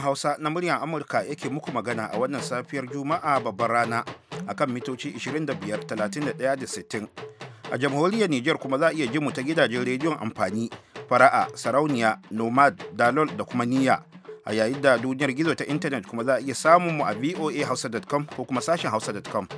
sashen Hausa na muryar Amurka yake muku magana a wannan safiyar Juma'a babbar rana a kan mitoci 25, 31 da 60. A jamhuriyar Nijar kuma za a iya ji mu ta gidajen rediyon amfani, fara'a, sarauniya, nomad, dalol da kuma niyya. A yayin da duniyar gizo ta intanet kuma za a iya samun mu a voahausa.com ko kuma sashen hausa.com.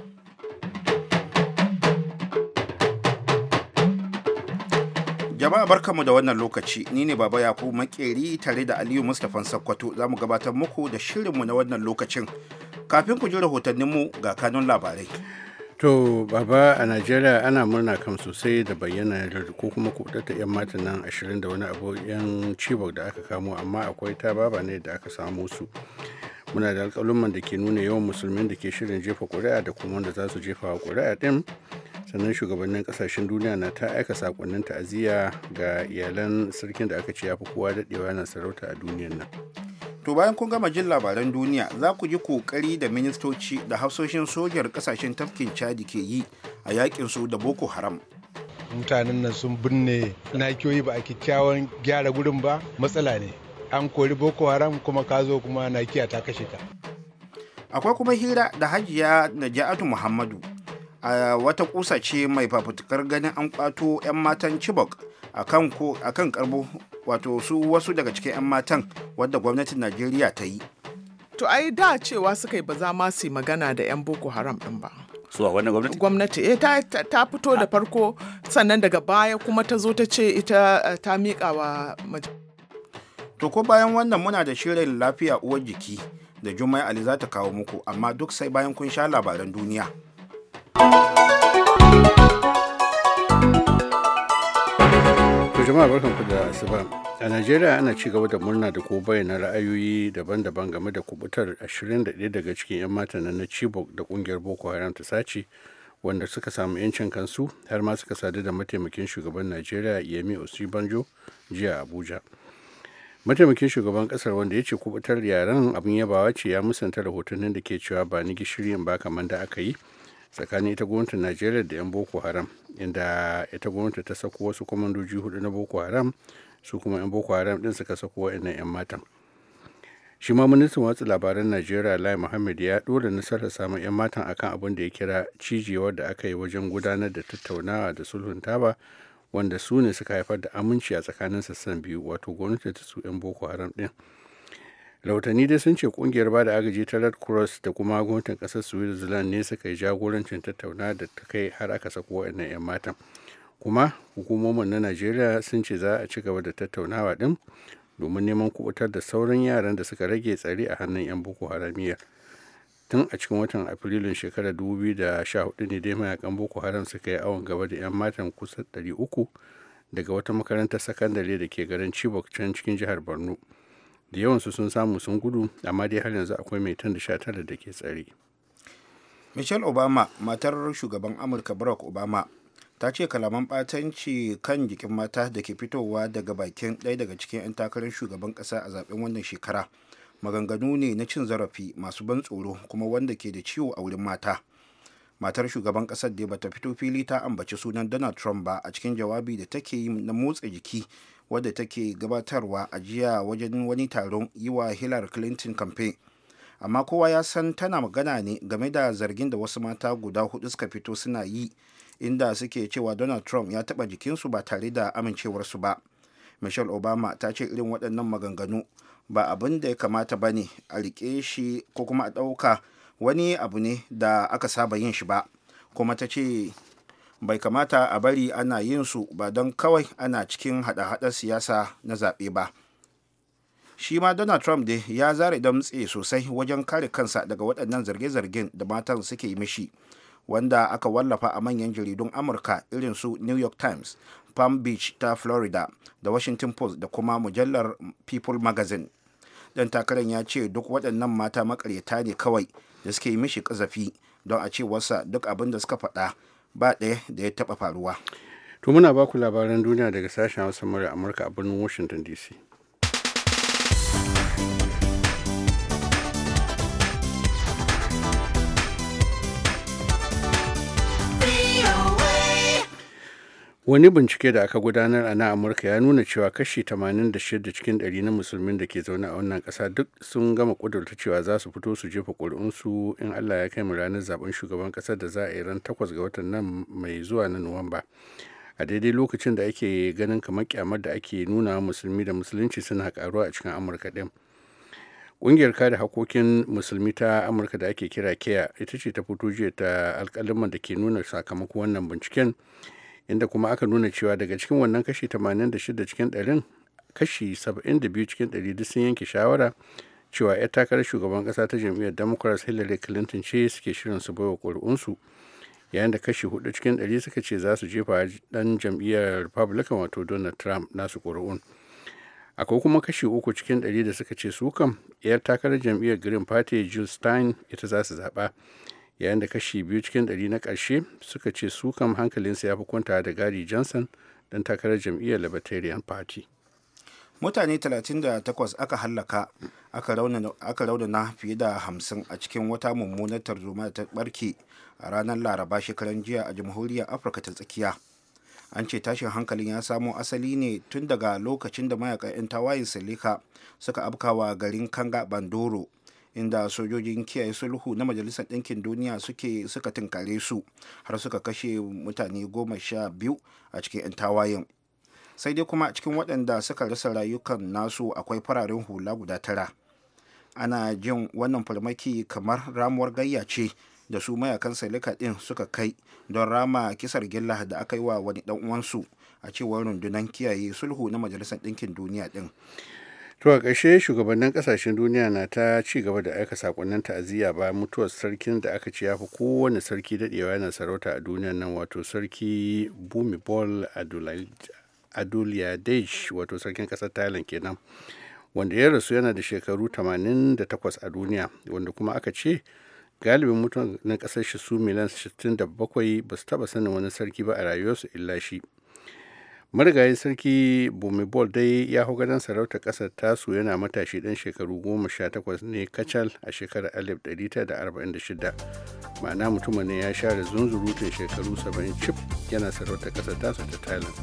Jama'a barkanmu da wannan lokaci, ni ne Baba Yakubu Makeri tare da Aliyu Mustapha Sakkwato za mu gabatar muku da shirinmu na wannan lokacin. Kafin ku ji rahotanninmu ga kanun labarai. To, Baba a Najeriya ana murna kan sosai da bayyana ko kuma kuɗata 'yan matan nan ashirin da wani abu 'yan cibok da aka kamo amma akwai ta baba ne da aka samo su. Muna da alƙalumman da ke nuna yawan musulmin da ke shirin jefa ƙuri'a da kuma wanda za su jefa ƙuri'a ɗin. sannan shugabannin kasashen duniya na ta aika sakonnin ta'aziyya ga iyalan sarkin da aka ce ya fi kowa daɗewa na sarauta a duniyar nan to bayan kun gama jin labaran duniya za ku ji kokari da ministoci da hafsoshin sojar kasashen tafkin chadi ke yi a yakin su da boko haram mutanen nan sun binne nakiyoyi ba a kyakkyawan gyara gurin ba matsala ne an kori boko haram kuma ka zo kuma nakiya ta kashe ta akwai kuma hira da hajiya naja'atu muhammadu a wata kusa ce mai fafutukar ganin an kwato 'yan matan chibok a kan karbo wato su wasu daga cikin 'yan matan wadda gwamnatin najeriya ta yi to ai da cewa suka yi ba za ma su magana da 'yan boko haram din ba suwa so, gwamnati gwamnati eh ta fito da farko sannan daga baya kuma ta zo ta ce ita eh, ta miƙa wa to ko bayan wannan muna da shirin lafiya uwar jiki da juma'a ali za ta kawo muku amma duk sai bayan kun sha labaran duniya jama'a barkanku da asuba a najeriya ana ci gaba da murna da ko bayyana ra'ayoyi daban-daban game da kubutar 21 daga cikin 'yan mata na chibok da kungiyar boko haram ta sace wanda suka samu 'yancin kansu har ma suka sadu da mataimakin shugaban najeriya yemi osibanjo jiya abuja mataimakin shugaban kasar wanda ya ce kubutar yaren abin yabawa ce ya musanta rahotannin da ke cewa ba ni gishiri ba kamar da aka yi tsakanin ita gwamnatin najeriya da 'yan boko haram inda ita gwamnati ta sako wasu kwamandoji hudu na boko haram su kuma 'yan boko haram din suka sako wa'annan 'yan matan shi ma ministan watsa labaran najeriya lai muhammad ya dole nasarar samun 'yan matan akan abin da ya kira cijewar da aka yi wajen gudanar da tattaunawa da sulhun taba wanda su ne suka haifar da aminci a tsakanin sassan biyu wato gwamnati ta su 'yan boko haram din rahotanni dai sun ce kungiyar ba da agaji ta red cross da kuma gwamnatin kasar switzerland ne suka yi jagorancin tattauna da ta kai har aka sako wa'annan 'yan matan kuma hukumomin na najeriya sun ce za a ci gaba da tattaunawa din domin neman kubutar da sauran yaran da suka rage tsari a hannun 'yan boko haramiyar tun a cikin watan afrilun shekarar hudu ne dai mayakan boko haram suka yi awon gaba da 'yan matan kusa 300 daga wata makarantar sakandare da ke garin chibok can cikin jihar borno da yawansu sun samu sun gudu amma dai har yanzu akwai mai tun da sha tara da ke tsare michelle obama matar shugaban amurka barack obama ta ce kalaman ɓatanci kan jikin mata da ke fitowa daga bakin ɗaya daga cikin 'yan takarar shugaban ƙasa a zaben wannan shekara maganganu ne na cin zarafi masu ban tsoro kuma wanda ke da ciwo a wurin mata matar shugaban ƙasar da bata fito fili ta ambaci sunan donald trump ba a cikin jawabi da take yi na motsa jiki wadda take gabatarwa a jiya wajen wani taron yi wa hillary clinton campaign amma kowa ya san tana magana ne game da zargin da wasu mata guda hudu suka fito suna yi inda suke cewa donald trump ya taba jikinsu ba tare da amincewarsu ba michelle obama ta ce irin waɗannan maganganu ba abin da ya kamata ba ne a riƙe shi ko kuma a ɗauka wani abu ne da aka saba yin shi ba kuma ta ce bai kamata a bari ana yin su ba don kawai ana cikin haɗa haɗar siyasa na zaɓe ba shi ma donald trump dai ya zare da mutse sosai wajen kare kansa daga waɗannan zarge-zargen da matan suke yi mishi wanda aka wallafa a manyan jaridun amurka irin su new york times palm beach ta florida da washington post da kuma mujallar people magazine dan takarar ya ce duk waɗannan mata makaryata ne kawai da suke yi mishi ƙazafi don a cewarsa duk abin da suka faɗa ba ɗaya da ya taɓa faruwa. To muna baku labaran duniya daga sashen Hausa murya Amurka a birnin Washington DC. wani bincike da aka gudanar a nan amurka ya nuna cewa kashi 86 cikin 100 na musulmin da ke zaune a wannan kasa duk sun gama kudurta cewa za su fito su jefa ƙuri'unsu in allah ya kai mu ranar zaben shugaban ƙasar da za a yi ran takwas ga watan nan mai zuwa na nuwamba a daidai lokacin da ake ganin kamar kyamar da ake nuna musulmi da musulunci suna karuwa a cikin amurka ɗin ƙungiyar kare hakokin musulmi ta amurka da ake kira kea ita ce ta fito jiya ta alƙaliman da ke nuna sakamakon wannan binciken inda kuma aka nuna cewa daga cikin wannan kashi 86 cikin ɗarin kashi 72 cikin ɗari duk sun yanke shawara cewa 'yar takarar shugaban ƙasa ta jam'iyyar democrats hillary clinton ce suke shirin su baiwa ƙuri'unsu yayin da kashi 4 cikin ɗari suka ce za su jefa ɗan jam'iyyar republican wato donald trump nasu ƙuri'un akwai kuma kashi uku cikin ɗari da suka ce su kam 'yar takarar jam'iyyar green party jill stein ita za su zaɓa yayin da kashi biyu cikin ɗari na ƙarshe suka ce su kam hankalinsa ya fi kwanta da gari johnson don takarar jam'iyyar libertarian party mutane 38 aka hallaka aka raunana fiye da 50 a cikin wata mummunar tarzoma ta barke a ranar laraba shekaran jiya a jamhuriyar afirka ta tsakiya an ce tashin hankalin ya samo asali ne tun daga lokacin da mayakan 'yan tawayin silika suka afkawa garin kanga bandoro inda sojojin kiyaye sulhu na majalisar ɗinkin duniya suke suka tunkare su har suka kashe mutane goma sha biyu a cikin 'yan tawayen sai dai kuma cikin waɗanda suka rasa rayukan nasu akwai fararen hula guda tara ana jin wannan farmaki kamar ramuwar gayya ce da su mayakan salika ɗin suka kai don rama kisar gilla da aka yi wa wani ɗan uwansu a cewar rundunar kiyaye sulhu na majalisar ɗinkin duniya ɗin To a ƙarshe shugabannin ƙasashen duniya na ta ci gaba da aika sakonnin ta'aziyya bayan mutuwar sarkin da aka ce ya fi kowane sarki daɗewa yana sarauta a duniya nan wato sarki Bhumibol Adulyadej wato sarkin ƙasar Thailand kenan wanda ya rasu yana da shekaru 88 a duniya wanda kuma aka ce galibin mutanen ƙasar shi su miliyan 67 ba su taɓa sanin wani sarki ba a rayuwarsu illa shi. marigayi sarki bumibol dai ya hau gadon sarauta ƙasar tasu yana matashi ɗan shekaru goma sha takwas ne kacal a shekarar arba'in shida ma'ana mutumin ne ya share zunzurutun shekaru 70 cif yana sarauta ƙasar tasu ta thailand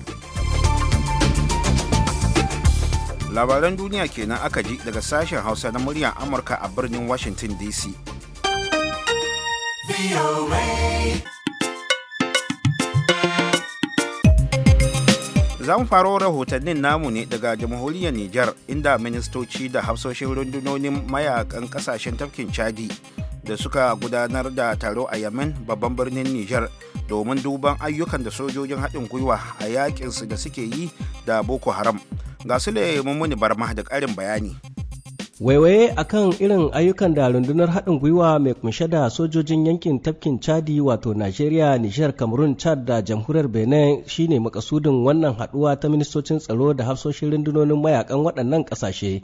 labaran duniya kenan aka ji daga sashen hausa na muryar amurka a birnin washington dc za mu faro rahotannin namu ne daga jamhuriyar Nijar inda ministoci da hafsoshin rundunonin mayakan kasashen tafkin Chadi da suka gudanar da taro a Yemen babban birnin Nijar domin duban ayyukan da sojojin haɗin gwiwa a yakinsu da suke yi da Boko Haram. Ga su Mummuni Barma da ƙarin bayani. waiwaye kan irin ayyukan da rundunar haɗin gwiwa mai kunshe da sojojin yankin tafkin chadi wato najeriya nijar cameroon chad da jamhuriyar benin shine makasudin wannan haɗuwa ta ministocin tsaro da hafsoshin rundunonin mayakan waɗannan ƙasashe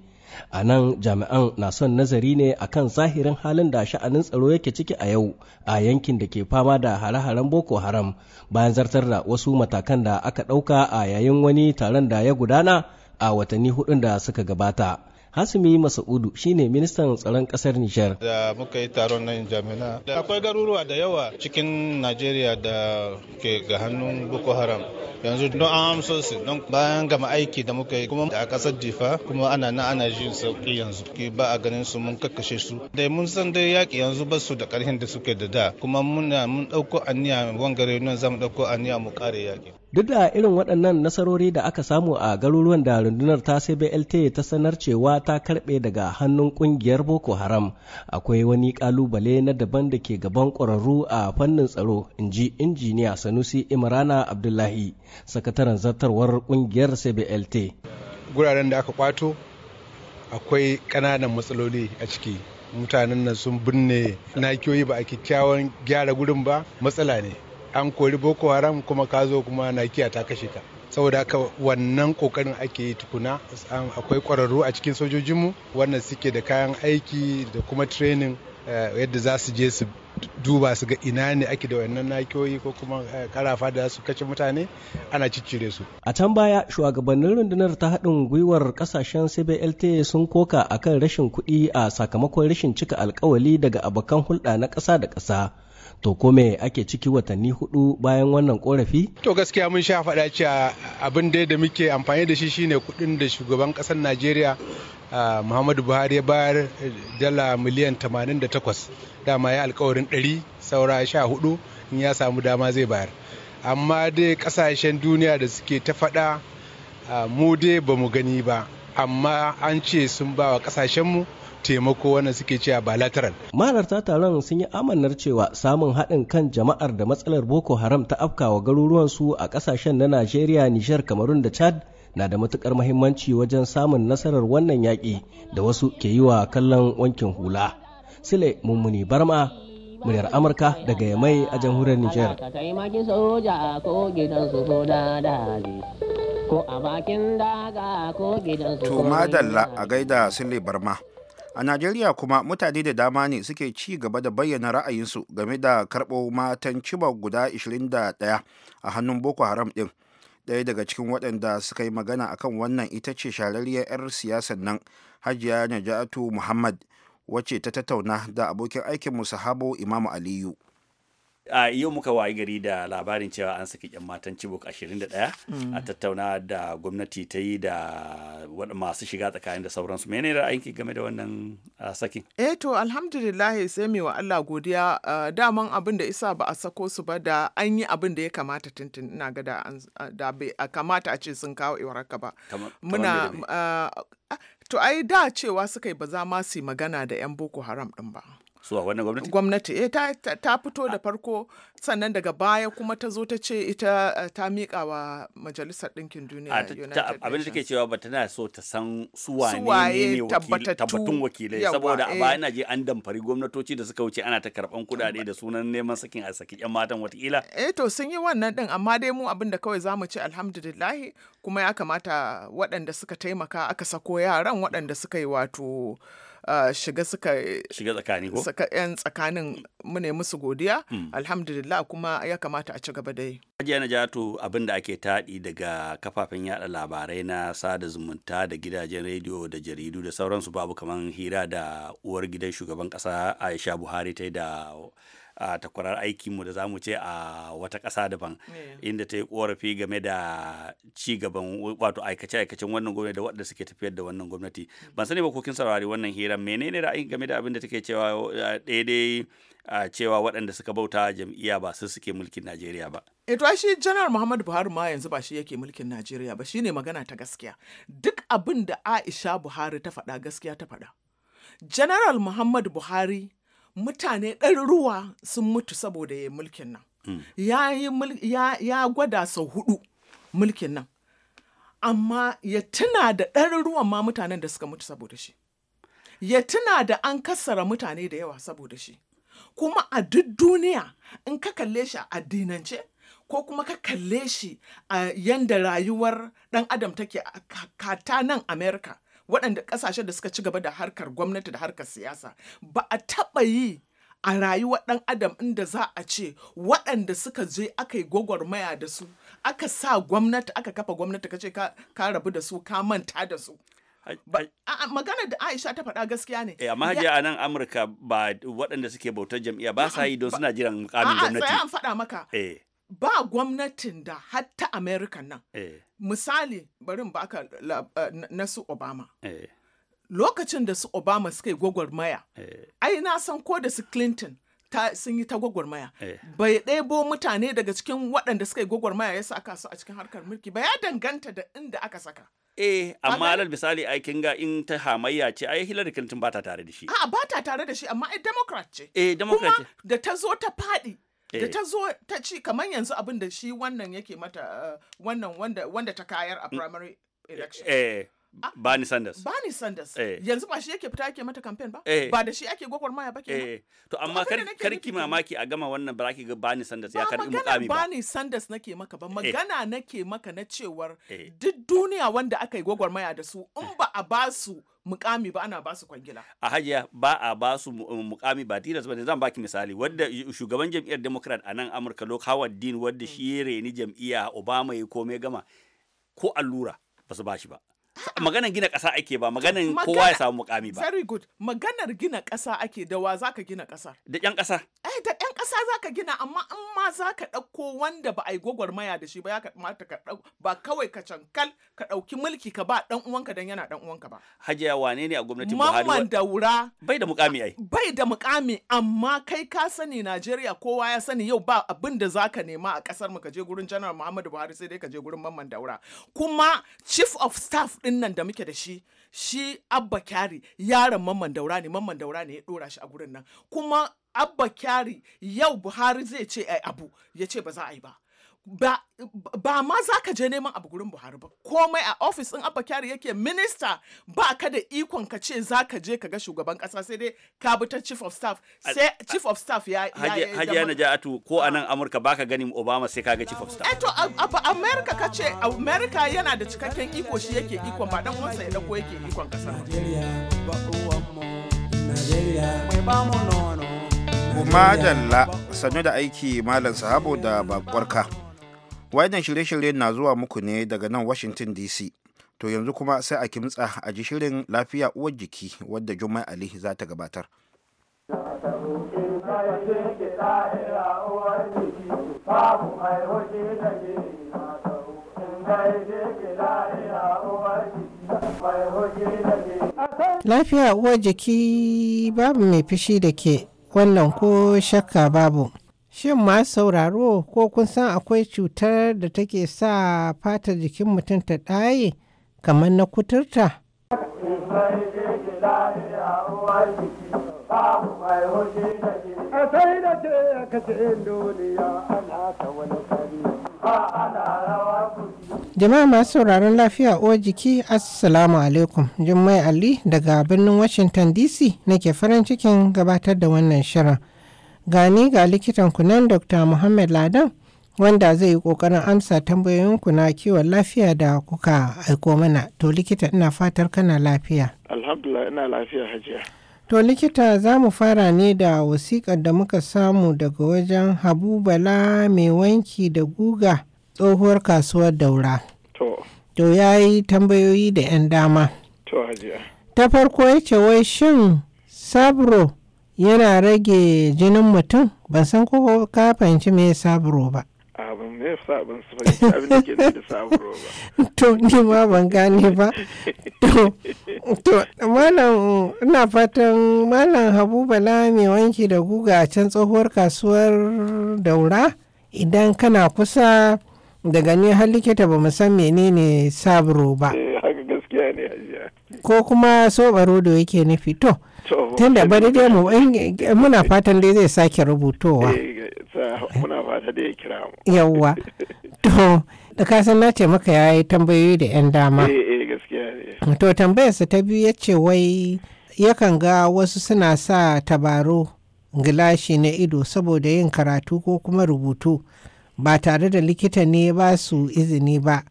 a nan jami'an na son nazari ne akan zahirin halin da sha'anin tsaro yake ciki a yau a yankin da ke fama da hare-haren boko haram bayan zartar da wasu matakan da aka ɗauka a yayin wani taron da ya gudana a watanni hudun da suka gabata Hasumi Masaudu shine ministan tsaron kasar Nijar. Da muka yi taron nan Jamina. akwai garuruwa da yawa cikin Najeriya da ke ga hannun Boko Haram. Yanzu don an amsa su don bayan gama aiki da muka yi kuma a kasar difa kuma ana na ana jin sauki yanzu ba a ganin su mun kakkashe su. Dai mun san dai yaki yanzu ba su da karhin da suke da da kuma muna mun dauko aniya wangare nan zamu dauko aniya mu kare yaki. Duk da irin waɗannan nasarori da aka samu a garuruwan da rundunar ta CBLT ta sanar cewa ta karɓe daga hannun ƙungiyar Boko Haram, akwai wani ƙalubale na daban da ke gaban ƙwararru a fannin tsaro, in ji injiniya Sanusi Imrana Abdullahi, sakataren zartarwar ƙungiyar CBLT. Guraren da aka kwato akwai ƙananan matsaloli a ciki. Mutanen nan sun binne nakiyoyi ba a kyakkyawan gyara gurin ba matsala ne. an kori boko haram kuma ka zo kuma nakiya ta kashe ka saboda haka wannan kokarin ake yi tukuna akwai kwararru a cikin sojojinmu wannan suke da kayan aiki da kuma training eh, yadda za su je su duba su ga ina ne ake da wannan nakiyoyi ko kuma eh, karafa da su kace mutane ana ciccire su a can baya shugabannin rundunar ta haɗin gwiwar kasashen cblt sun koka akan rashin kuɗi a sakamakon rashin cika alkawali daga abokan hulɗa na ƙasa da ƙasa To kome ake ciki watanni hudu bayan wannan korafi? To gaskiya mun sha faɗa cewa abin da da muke amfani da shi shine kuɗin da shugaban ƙasar Najeriya Muhammadu Buhari ya bayar dala miliyan 88 dama ya alkawarin 100 saura 14 in ya samu dama zai bayar. Amma dai ƙasashen duniya da suke ta faɗa mu dai ba mu gani ba amma an ce sun ba wa ƙasashenmu mu taimako wanda suke cewa bilateral. Mahalarta taron sun yi amannar cewa samun haɗin kan jama'ar da matsalar Boko Haram ta afkawa garuruwan su a ƙasashen na Najeriya, Nijar, Kamarun da Chad na da matukar mahimmanci wajen samun nasarar wannan yaƙi da wasu ke yi wa kallon wankin hula. Sule Mummuni Barma, muryar Amurka daga Yamai a jamhuriyar Nijar. To madalla a gaida Sule Barma. a najeriya kuma mutane da dama ne suke ci gaba da bayyana ra'ayinsu game da karɓo matan ciba guda 21 a hannun boko haram ɗin daya daga cikin waɗanda suka yi magana akan wannan ita ce shararriyar 'yar siyasar nan hajiya najatu muhammad wacce ta tattauna da abokin aikinmu sahabo imamu aliyu a yau muka wayi gari da labarin cewa an saki 'yan matan cibok 21 a mm. tattauna da gwamnati ta yi da masu shiga tsakanin da sauransu mene ra'ayinki game da wannan sakin eh to alhamdulillah sai mai wa Allah godiya daman abin da isa ba a sako su ba da an yi abin da ya kamata tuntun ina ga da bai kamata a ce sun kawo iwaraka ba muna to ai da cewa suka yi ba za ma su magana da 'yan boko haram din ba suwa wannan gwamnati gwamnati eh ta fito da farko sannan daga baya kuma ta zo ta ce ita eh, ta miƙa wa majalisar ɗinkin duniya united abin da take cewa ba tana so ta san suwaye ne tabbatun wakilai saboda a eh. baya na je an damfari gwamnatoci da suka wuce ana ta karɓan kuɗaɗe da sunan neman sakin a saki ƴan matan wataƙila. eh to sun yi wannan din amma dai mu abin da kawai zamu ce alhamdulillahi kuma ya kamata waɗanda suka taimaka aka sako yaran waɗanda suka yi wato Ah, shiga suka shiga tsakani ko suka yan tsakanin mu ne musu godiya hmm. alhamdulillah kuma ya kamata a ci gaba da yi Hajiya Najatu abin da ake taɗi daga kafafen yada labarai na sada zumunta da gidajen rediyo da jaridu da sauransu babu kaman hira da uwar gidan shugaban kasa Aisha Buhari ta da a takwarar aikinmu da zamu ce a wata ƙasa daban inda ta yi korafi game da ci gaban wato aikace-aikacen wannan gwamnati da waɗanda suke tafiyar da wannan gwamnati hmm. ban sani ba ko kin saurari wannan hiran menene ra'ayin game da abin da take cewa daidai a cewa waɗanda suka bauta jam'iyya ba su suke mulkin Najeriya ba. Ito eh, shi Janar Muhammadu Buhari ma yanzu ba shi yake mulkin Najeriya ba ne magana ta gaskiya. Duk abin da Aisha Buhari ta faɗa gaskiya ta faɗa. General Muhammadu Buhari mutane ɗaruruwa sun mutu saboda ya mulkin nan hmm. ya, gwada sau hudu mulkin nan amma ya tuna da ɗaruruwan ma mutanen da suka mutu saboda shi ya tuna da an kassara mutane da yawa saboda shi kuma a duk duniya in ka kalle shi a addinance ko kuma ka kalle shi a yanda rayuwar ɗan adam take kata nan Amerika. waɗanda ƙasashen da suka ci gaba da harkar gwamnati da harkar siyasa ba a taɓa yi a rayuwar ɗan adam inda za a ce waɗanda suka je aka yi gwagwarmaya da su aka sa gwamnati aka kafa gwamnati ka ce ka rabu da su ka manta da su magana da Aisha ta faɗa gaskiya ne. Eh, amma hajiya a nan Amurka ba waɗanda suke bautar jam'iyya ba sa yi don suna jiran mukamin gwamnati. A'a, faɗa maka. Eh. ba gwamnatin da hatta america nan eh. Misali, bari ba baka eh, na su obama eh. lokacin da su obama suka yi gwagwarmaya ai na san ko da su clinton sun yi ta gwagwarmaya bai ɗebo mutane daga cikin waɗanda suka yi gwagwarmaya ya saka su a cikin harkar mulki ba ya danganta da inda aka saka Eh, amma alal misali ai kin ga in ta hamayya ce ai Hillary Clinton ba ta tare da shi. A'a ba ta tare da shi amma ai Democrat ce. Eh, Democrat ce. Kuma da ta zo ta faɗi da eh. ta zo ta ci kamar yanzu abin da shi wannan yake mata eh, wannan wanda ta kayar a primary election eh, ah, Bernie Sanders. Bernie Sanders. Eh. Yanzu ba shi yake fita yake mata campaign ba? Eh. Ba da shi ake gwagwarmaya ba ke Eh. To amma kar ki mamaki a gama wannan ba ki ga Bernie Sanders ya karɓi mukami ba. Ba Bernie Sanders nake maka ba, magana eh. nake maka na cewar eh. duk duniya wanda aka yi gwagwarmaya da su in ba a ba su mukami ba ana basu kwangila a hajiya ba a basu um, mukami ba tilas bane zan baki misali wanda shugaban jam'iyyar democrat a nan amurka lok howard dean wanda shi reni jam'iyya obama ya kome gama ko allura ba su bashi ba Maganar gina ƙasa ake ba maganar kowa ya samu mukami ba very good maganar gina ƙasa ake da wa zaka gina ƙasa? da ƴan ƙasa eh da ƴan ƙasa zaka gina amma in ma zaka ɗauko wanda ba a yi gwagwarmaya da shi ba ya kamata ka ɗau ba kawai ka cankal ka ɗauki mulki ka ba ɗan uwanka dan yana ɗan uwanka ba hajiya wane ne a gwamnatin Buhari mamman daura bai da mukami ai bai da mukami amma kai ka sani Najeriya kowa ya sani yau ba abin da zaka nema a ƙasar mu ka je gurin Janar Muhammadu Buhari sai dai ka je gurin mamman daura kuma chief of staff din nan da muke da shi shi abba kyari yaron mamman daura ne mamman daura ne ya dora shi a gurin nan kuma abba kyari yau buhari zai ce ai abu ya ce ba za a yi ba ba, ba ma za ka je neman abu gurin Buhari ba komai a ofis ɗin Abba Kyari yake minista ba ka da ikon ka ce za ka je ka ga shugaban ƙasa sai dai ka bi ta chief of staff sai chief of staff ya hajiya na atu ko a nan Amurka ba ka ganin Obama sai ka ga chief of staff eto eh abu America ka ce America yana da cikakken iko shi yake ikon ba dan wansa ya dauko yake ikon ƙasa ba mai ba mu nono kuma Jalla sanyo da aiki malam sahabo da bakwarka. Wayannan shirye-shirye na zuwa muku ne daga nan Washington DC. To yanzu kuma sai a kimtsa a ji shirin lafiya uwar jiki wadda Jummai Ali za ta gabatar. Lafiya uwar jiki babu mai fishi da ke wannan ko shakka babu. Shin masu sauraro ko kun san akwai cutar da take sa fatar jikin mutum ta ɗaye kamar na kuturta? Jama'a masu sauraron lafiya uwar jiki Assalamu alaikum Jummai Ali daga birnin Washington DC nake farin cikin gabatar da wannan shirin. gani ga likitan kunan dr muhammad ladan wanda zai yi kokarin amsa tambayoyinku na kiwon lafiya da kuka aiko mana to likita ina fatar kana lafiya alhamdulillah ina lafiya hajiya to likita za mu fara ne da wasiƙar da muka samu daga wajen habu bala mai wanki da guga tsohuwar kasuwar daura to ya yi tambayoyi da 'yan dama ta farko ya ce wai shin sabro yana rage jinin mutum ban san ko ka fahimci me saburo ba abin me su fahimci abin da ke da saburo ba to ni ma ban gane ba to to malam ina fatan malam habu bala mai wanki da guga a can tsohuwar kasuwar daura idan kana kusa daga ni har likita ba mu san menene saburo ba eh, ko kuma sobaro da yake nufi to tun bari dai mu muna fatan dai zai sake rubutowa eh, muna fata dai kira mu yawwa to da ka san na ce maka yayi tambayoyi da yan dama eh, eh, to tambayarsa ta biyu yace wai yakan ga wasu suna sa tabaro gilashi na ido saboda yin karatu ko kuma rubutu ba tare da likita ne ba su izini ba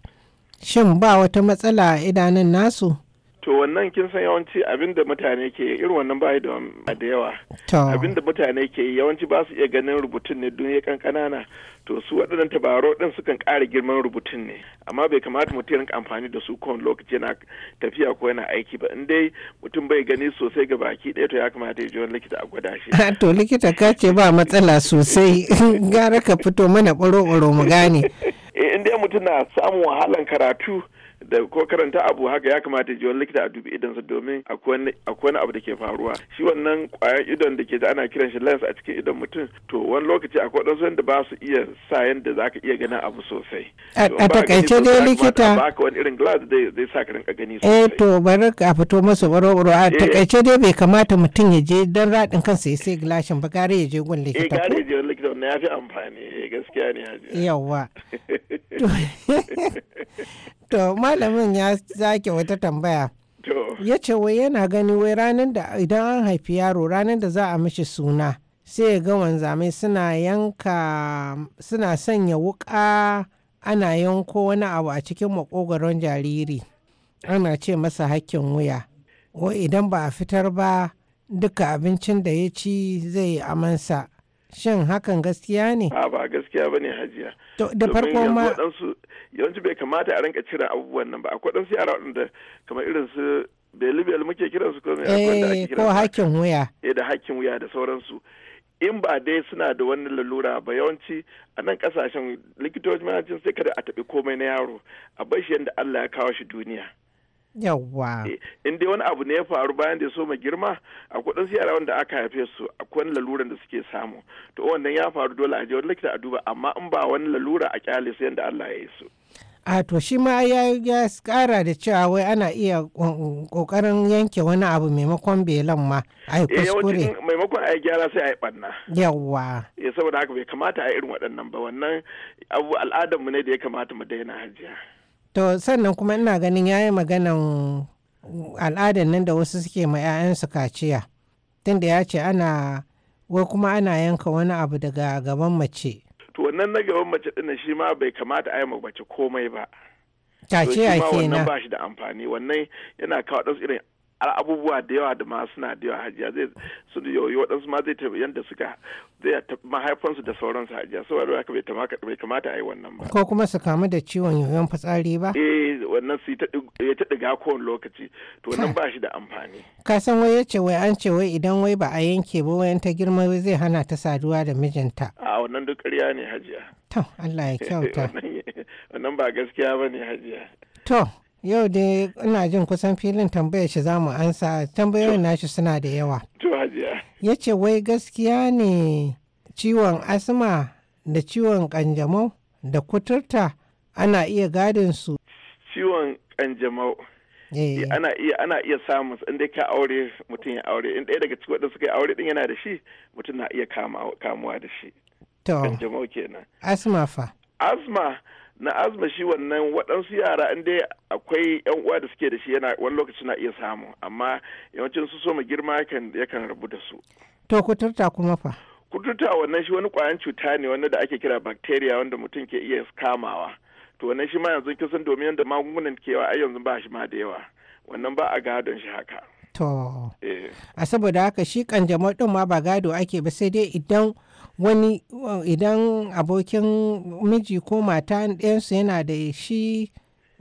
Shin ba wata matsala a idanun nasu? To wannan kin san yawanci abinda mutane ke irin wannan ba da yawa. Abin mutane ke yi yawanci ba su iya ganin rubutun ne duniya kan kanana. to su waɗannan tabaro ɗin sukan ƙara girman rubutun ne amma bai kamata mutum rinka amfani da su kowane lokaci yana tafiya ko yana aiki ba in dai mutum bai gani sosai ga baki ɗaya to ya kamata ya je wani likita a gwada shi to likita ka ce ba matsala sosai gara ka fito mana ɓaro-ɓaro mu gane Eh, in dai mutum na samun wahalan karatu da ko karanta abu haka ya kamata ji wani likita a dubi sa domin akwai wani abu da ke faruwa shi wannan kwayan idon da ke da ana kiran shi lens a cikin idon mutum to wani lokaci akwai wadansu da ba su iya sa yadda za ka iya ganin abu sosai a takaice dai likita ba ka wani irin glass zai sa ka rinka gani eh, sosai eh to bari a fito masu baro a eh. takaice dai bai kamata mutum ya je dan radin kansa ya sai glashin ba gare ya je gun eh, likita eh gare ya je likita wannan ya fi amfani gaskiya ne yawa to malamin ya zake wata tambaya ya ce wai yana gani wai ranar da idan an haifi yaro ranar da za a mishi suna sai ya ga wanzamai suna suna sanya wuka ana yanko wani abu a cikin makogaron jariri ana ce masa hakkin wuya wai idan ba a fitar ba duka abincin da ya ci zai yi amansa Shin hakan gaskiya ne? A ba gaskiya ba ne hajiya. Da farko ma. Yawanci bai kamata a rinka cire abubuwan nan ba. Akwai ɗansu yara waɗanda kamar irin su belibel muke kiran su ko me da ake eh, kiran ko hakkin wuya eh da hakkin wuya da sauransu in ba dai suna da wani lalura ba yawanci a nan kasashen likitoci ma sai kada a taɓi komai na yaro a bar shi yadda Allah ya kawo shi duniya Yawwa. Eh, in dai wani abu ne ya faru bayan da ya so ma girma a kudin yara wanda aka haife su akwai wani laluran da suke samu. To wannan ya faru dole a je wani likita a duba amma in ba wani lalura a kyale su yadda Allah ya yi su. A to shi ma ya kara da cewa wai ana iya kokarin yanke wani abu maimakon belan ma a yi eh, kuskure. Maimakon a yi gyara sai a yi ɓanna. Yawwa. Ya eh, saboda haka bai kamata a irin waɗannan ba wannan abu al'adarmu ne da ya kamata mu daina hajiya. to sannan kuma ina ganin yayi maganan al'adar nan da wasu suke ma 'ya'yansu kaciya tunda ya ce ana wai kuma ana yanka wani abu daga gaban mace to wannan na gaban mace din shi ma bai kamata a yi mace komai ba kaciya kenan wannan ba shi da amfani wannan yana kawo ɗansu irin abubuwa da yawa da ma suna da yawa hajiya zai su yoyi waɗansu ma zai tafi yadda suka zai mahaifansu da sauransu hajiya saboda haka bai kamata a yi wannan ba. Ko kuma su kamu da ciwon yoyon fitsari ba? Eh wannan su ya ta ɗiga kowane lokaci to wannan ba shi da amfani. Ka san wai yace wai an ce wai idan wai ba a yanke ba wayan ta girma zai hana ta saduwa da mijinta. A wannan duk ƙarya ne hajiya. To Allah ya kyauta. Wannan ba gaskiya ba ne hajiya. To Yau dai ina jin kusan filin tambayar shi za mu ansa tambayoyin nashi suna da yawa. Ya ce wai gaskiya ne ciwon asma da ciwon kanjamau da kuturta ana iya gadin su. Ciwon kanjamau. Eh. Eh, ana iya ana iya samun in dai ka aure mutum ya aure in ɗaya daga cikin suka yi aure din yana da shi mutum na iya kamuwa da shi. Kanjamau kenan. Asma fa. Asma na azma shi wannan waɗansu yara in dai akwai yan uwa da suke da shi yana wani lokaci na iya samu amma yawancin su soma girma yakan rabu da su to kuturta kuma fa kuturta wannan shi wani kwayan cuta ne wanda da ake kira bacteria wanda mutum ke iya kamawa to wannan shi ma yanzu kisan domin yadda magungunan kewa ai yanzu ba shi ma da yawa wannan ba a gadon shi haka to eh. a saboda haka shi kanjamau din ma ba gado ake ba sai dai idan wani idan abokin miji ko mata ɗayansu yana da shi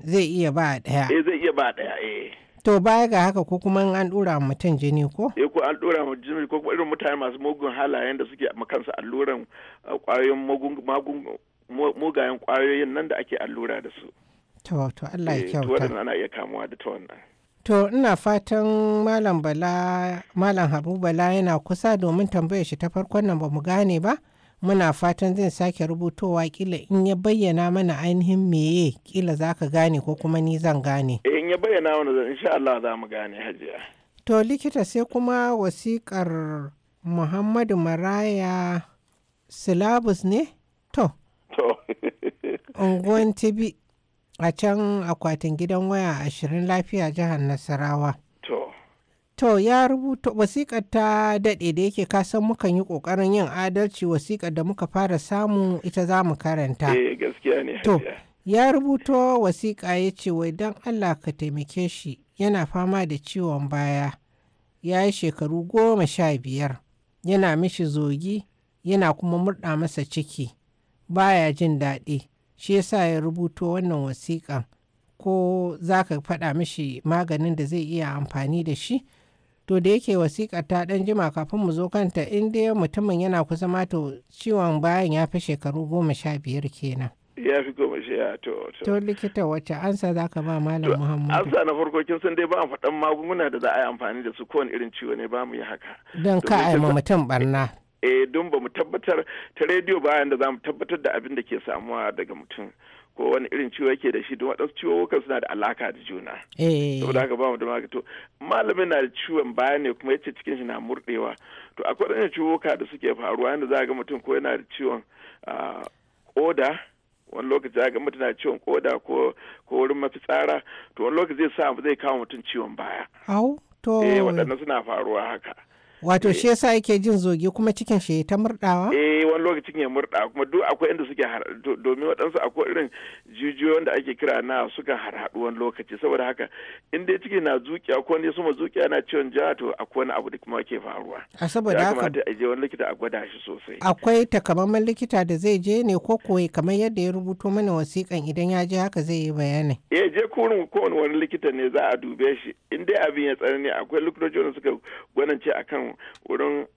zai iya ba ɗaya. Eh zai iya ba ɗaya eh. To baya ga haka ko kuma an ɗora mutum jini ko? Eh ko an ɗora mutum jini ko kuma irin mutane masu mugun halayen da suke makansa alluran eh, ƙwayoyin mugayen ƙwayoyin nan da ake allura da su. To to Allah ya eh, kyauta. To ana iya kamuwa da ta wannan. To ina fatan Malam Bala Malam Habu Bala yana kusa domin tambayar shi ta farkon nan ba mu gane ba. Muna fatan zai sake rubutowa kila in ya bayyana mana ainihin meye kila za ka gane ko kuma ni zan gane. Eh, in ya bayyana mana zan insha Allah za mu gane hajiya. To likita sai kuma wasikar Muhammadu Maraya Silabus ne? To. To. Unguwan Tibi a can akwatin gidan waya ashirin lafiya jihar nasarawa to ya rubuta wasiƙar ta daɗe da yake kasan mukan yi ƙoƙarin yin adalci wasiƙar da muka fara samu ita za mu karanta eh, to ya rubuto wasiƙa ya ce wai don allah ka taimake shi yana fama da ciwon baya ya yi shekaru goma sha biyar yana mishi zogi yana kuma murɗa masa ciki baya jin daɗi shi yasa ya rubuto wannan wasiƙan ko za ka faɗa mishi maganin da zai iya amfani da shi to da yake wasiƙa ta ɗan jima kafin mu zo kanta in dai mutumin yana kusa ma to ciwon bayan ya fi shekaru goma sha biyar kenan ya fi goma sha to to likita wacce ansa za ka ba malam muhammadu ansa na farko kin san dai ba faɗan magunguna da za a yi amfani da su kowane irin ciwo ne ba mu yi haka don ka a mutum barna eh don ba mu tabbatar ta rediyo bayan da za mu tabbatar da abin da ke samuwa daga mutum ko wani irin ciwo yake da shi don waɗansu ciwowukan suna da alaka da juna. Eh. saboda haka ba mu da magato malamin na da ciwon baya ne kuma yace cikin shi na murɗewa to akwai ciwo ciwowuka da suke faruwa yanda za ga mutum ko yana da ciwon koda ah, wani lokaci za ga mutum na ciwon koda ko wurin mafitsara to wani lokaci zai sa zai kawo mutum ciwon baya. to. Eh waɗannan suna faruwa haka. wato eh. shi yasa yake jin zoge kuma cikin shi ta murdawa eh wani lokacin ya murda kuma duk akwai inda suke domin waɗansu akwai irin jijiyoyin da ake kira na suka har haɗu wani lokaci saboda haka in dai ciki na zuƙiya ko ne suma zuƙiya na ciwon ja to akwai wani abu da kuma ke faruwa a saboda haka kamata a je wani likita a gwada shi sosai akwai takamaiman likita da zai je ne ko koyi kamar yadda ya rubuto mana wasiƙan idan ya je haka zai yi bayani eh je kurin kowane wani likita ne za a dube shi in dai abin ya tsanani akwai likitoci wanda suka gwanance akan wurin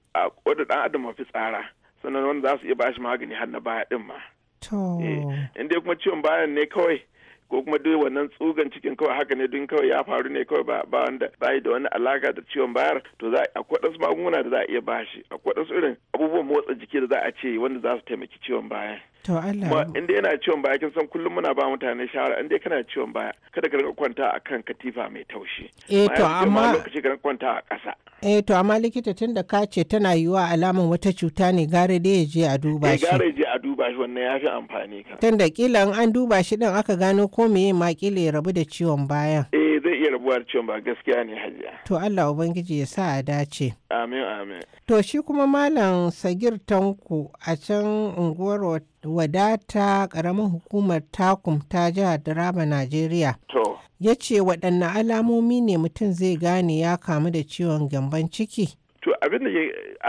wadda dan adam mafi tsara sannan wanda za su iya bashi magani har na baya din ma eh, in dai kuma ciwon bayan ne kawai ko kuma dai wannan tsugan cikin kawai haka ne don kawai ya faru ne kawai ba ba wanda da wani alaka da ciwon bayar to za a su magunguna da za a iya bashi a su irin abubuwan motsa jiki da za a ce wanda za su taimaki ciwon baya To Allah. inda yana ciwon baya kin san kullum muna ba mutane shawara inda kana ciwon baya kada ka rinka kwanta a kan katifa mai taushi. Eh to amma lokaci ka kwanta a ƙasa. Eh to amma likita tun da ka ce tana yiwa alamun wata cuta ne gare dai ya je a duba eh, shi. gare je shi wannan ya fi amfani ka. da kila an duba shi din aka gano ko meye ma kila ya rabu da ciwon bayan. Eh zai iya rabuwa ciwon ba gaskiya ne hajiya. To Allah Ubangiji ya sa a dace. Amin amin. To shi kuma Malam Sagir Tanko a can unguwar wadata karamin hukumar takum ta jihar Daraba Najeriya. To. Ya ce waɗanne alamomi ne mutum zai gane ya kamu da ciwon gyamban ciki? To abin da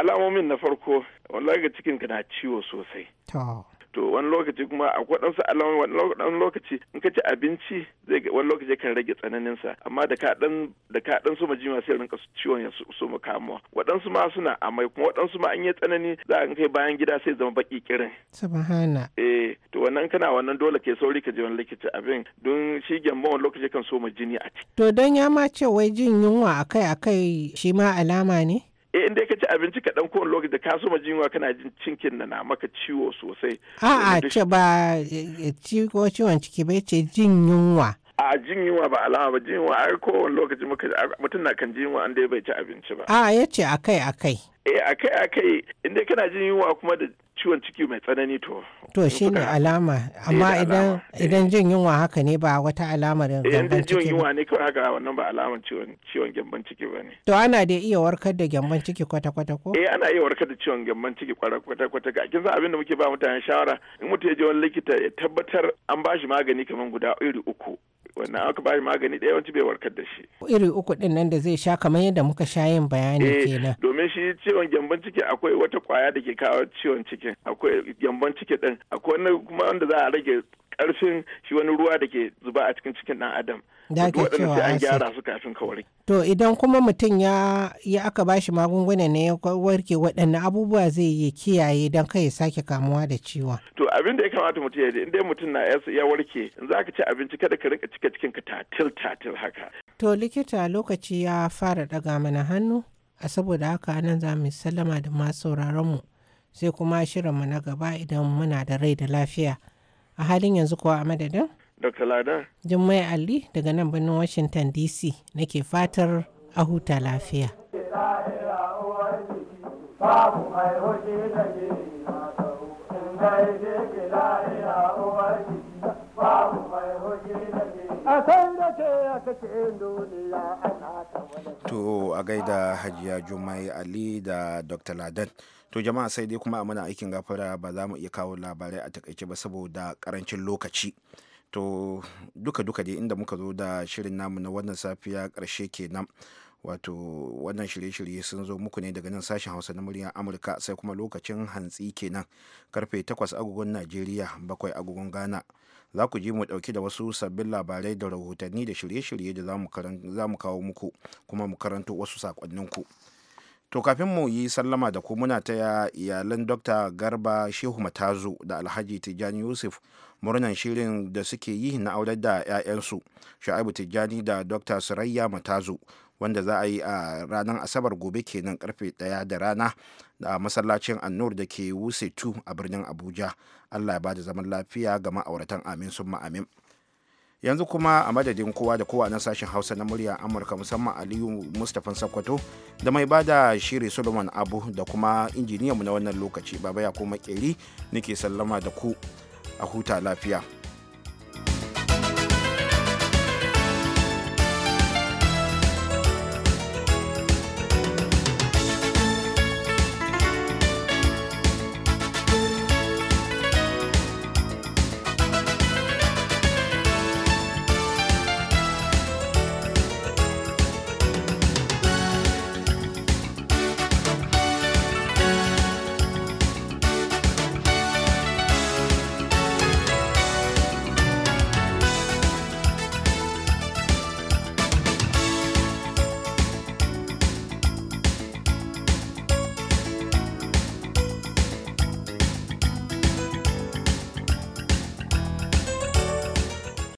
alamomin na farko wani cikin cikinka na ciwo sosai to wani lokaci kuma a waɗansu alamar wani lokaci in ka ci abinci zai wani lokaci kan rage tsananin sa amma da ka dan da ka dan soma jima sai rinka ciwon ya so mu kamuwa waɗansu ma suna amai kuma waɗansu ma an yi tsanani za a kai bayan gida sai zama baki kirin subhana eh to wannan kana wannan dole kai sauri ka je wani likita abin don shi gyambo wani lokaci kan soma jini a ciki to dan ya ma ce wai jin yunwa akai-akai shi ma alama ne eh inda ka ci abinci ka dan kowane lokaci da ka so yunwa kana jin cinkin na na maka ciwo sosai a'a eh, ce ba eh, ciwo ciwon ciki bai ce jin yunwa a jin yunwa ba alama ba jin yunwa ai kowane lokaci mutum na kan jin yunwa an dai bai ci abinci ba a ya ce akai akai eh akai akai inda kana jin yunwa kuma da ciwon ciki mai tsanani to to shine alama amma eh, idan eh. idan jin yunwa haka ne ba wata alamar eh, gyamban ciki idan jin yunwa ne kawai haka wannan ba alamar ciwon ciwon gyamban ciki ba ne to ana da iya warkar da gyamban ciki kwata kwata ko eh ana iya warkar da ciwon gyamban ciki kwata kwata kwata ga kin san abin da muke ba mutane shawara in mutum ya je wani likita ya tabbatar an ba shi magani kaman guda iri uku wannan aka ba shi magani ɗaya yawanci bai warkar da shi iri uku din nan da zai sha kamar yadda muka sha yin bayani kenan domin shi ce ciwon gyamban ciki akwai wata kwaya da ke kawo ciwon ciki akwai gyamban ciki din akwai wani kuma wanda za a rage karfin shi wani ruwa da ke zuba a cikin cikin dan adam da ake cewa an gyara su kafin ka warke to idan kuma mutum ya ya aka bashi magunguna ne ya warke waɗanne abubuwa zai yi kiyaye don kai ya sake kamuwa da ciwon to abin da ya kamata mutum ya in dai mutum na ya warke in za ka ci abinci kada ka rinka cika cikin ka tatil tatil haka to likita lokaci ya fara daga mana hannu a saboda haka nan za mu sallama da masu mu sai kuma shirinmu na gaba idan muna da rai da lafiya a halin yanzu kuwa a madadin dr lada jummai ali daga nan birnin washington dc nake fatar a huta lafiya babu mai hoji da ke To a gaida Hajiya Jumai Ali da Dr. Ladan. To jama'a sai dai kuma a muna aikin gafara ba za mu iya kawo labarai a takaice ba saboda karancin lokaci. To duka-duka dai inda muka zo da shirin namu na wannan safiya ƙarshe kenan. wato wannan shirye-shirye sun zo muku ne daga nan sashen hausa na muryar amurka sai kuma lokacin hantsi kenan karfe 8 agogon najeriya 7 agogon ghana za ku ji mu dauki da wasu sabbin labarai da rahotanni da shirye-shirye da za mu kawo muku kuma mu karanto wasu sakonninku to kafin mu yi sallama da ku muna taya iyalan dr garba shehu matazu da alhaji tijjani yusuf murnan shirin da suke yi na aurar da 'ya'yansu sha'abu tijjani da dr surayya matazu wanda za a yi a ranar asabar gobe kenan karfe ɗaya da rana a masallacin annur da ke wuse 2 a birnin abuja allah ya bada zaman lafiya ga ma'auratan amin sun amin yanzu kuma a madadin kowa da kowa na sashen hausa na murya amurka musamman aliyu mustapha sakwato da mai bada shiri solomon abu da kuma injiniyanmu na wannan lokaci baba ya kuma keri nake sallama da ku a huta lafiya